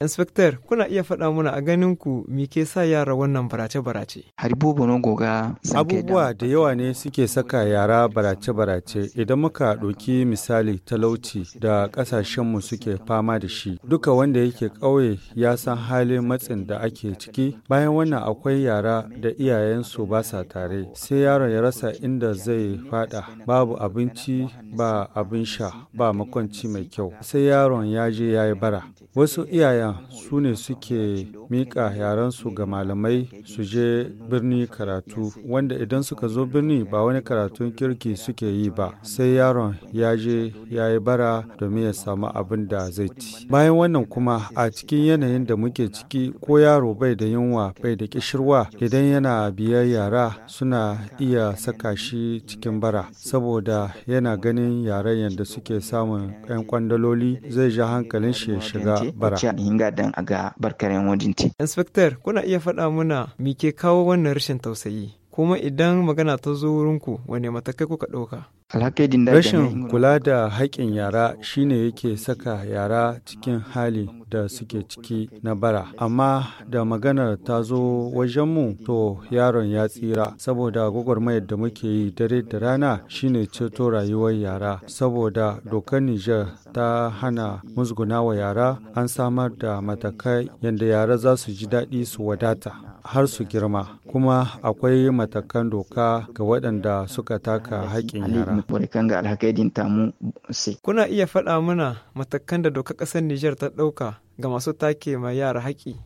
Inspector, kuna iya faɗa mana a ganin ku me ke sa yara wannan barace-barace? Abubuwa da yawa ne suke saka yara barace-barace idan muka ɗauki misali talauci da ƙasashenmu suke fama da shi. Duka wanda yake ƙauye ya san halin matsin da ake ciki. Bayan wannan akwai yara da iyayensu ba sa tare, sai yaron ya rasa inda zai faɗa. Babu abinci, ba abin sha, ba makwanci mai kyau. Sai yaron ya je ya yi bara. Wasu iyayen su ne suke miƙa yaransu ga malamai su je birni karatu wanda idan suka zo birni ba wani karatun kirki suke yi ba sai yaron ya je ya yi bara domin ya samu abin da zai ci bayan wannan kuma a cikin yanayin da muke ciki ko yaro bai da yunwa bai da kishirwa idan yana biyar yara suna iya saka shi cikin bara saboda yana ganin yaren yadda suke samun 'yan kwandaloli zai ja hankalin shi shiga bara Gadan a ga barkaren wajen ti. Inspector, kuna iya faɗa muna me ke kawo wannan rashin tausayi? kuma idan magana ta zo wurinku wane matakai kuka ɗauka? Rashin kula da haƙƙin yara shine yake saka yara cikin hali da suke ciki na bara amma da maganar ta zo wajenmu to yaron ya tsira saboda gwagwarmayar da muke yi dare da rana shine ceto rayuwar yara saboda dokar niger ta hana wa yara an samar da matakai yadda yara za su ji daɗi su wadata har su girma kuma akwai matakan doka ga waɗanda suka taka haƙƙin yara kuna iya faɗa mana matakan da doka ƙasar nijar ta ɗauka ga masu take ma yara haƙi.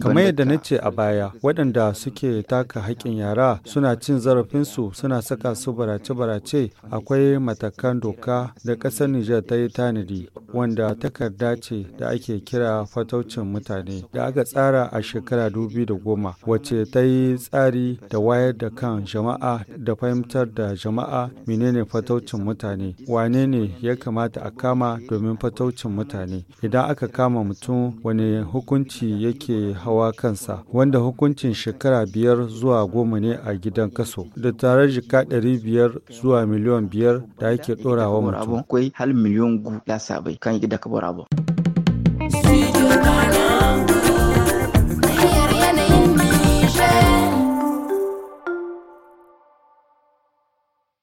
kamar yadda na ce a baya waɗanda suke taka haƙƙin yara suna cin zarafinsu suna saka su barace-barace akwai matakan doka da ƙasar nijar ta yi tanadi wanda takarda ce da ake kira fataucin mutane da aka tsara a shekara da goma wacce ta yi tsari da wayar da kan jama'a da fahimtar da jama'a menene fataucin mutane wane ne ya kamata a kama domin fataucin mutane idan aka kama mutum wani hukunci yake hawa kansa wanda hukuncin shekara biyar zuwa goma ne a gidan kaso da tare jika biyar zuwa miliyan biyar da ake ɗorawa mutum. kan Gida Kabara ba.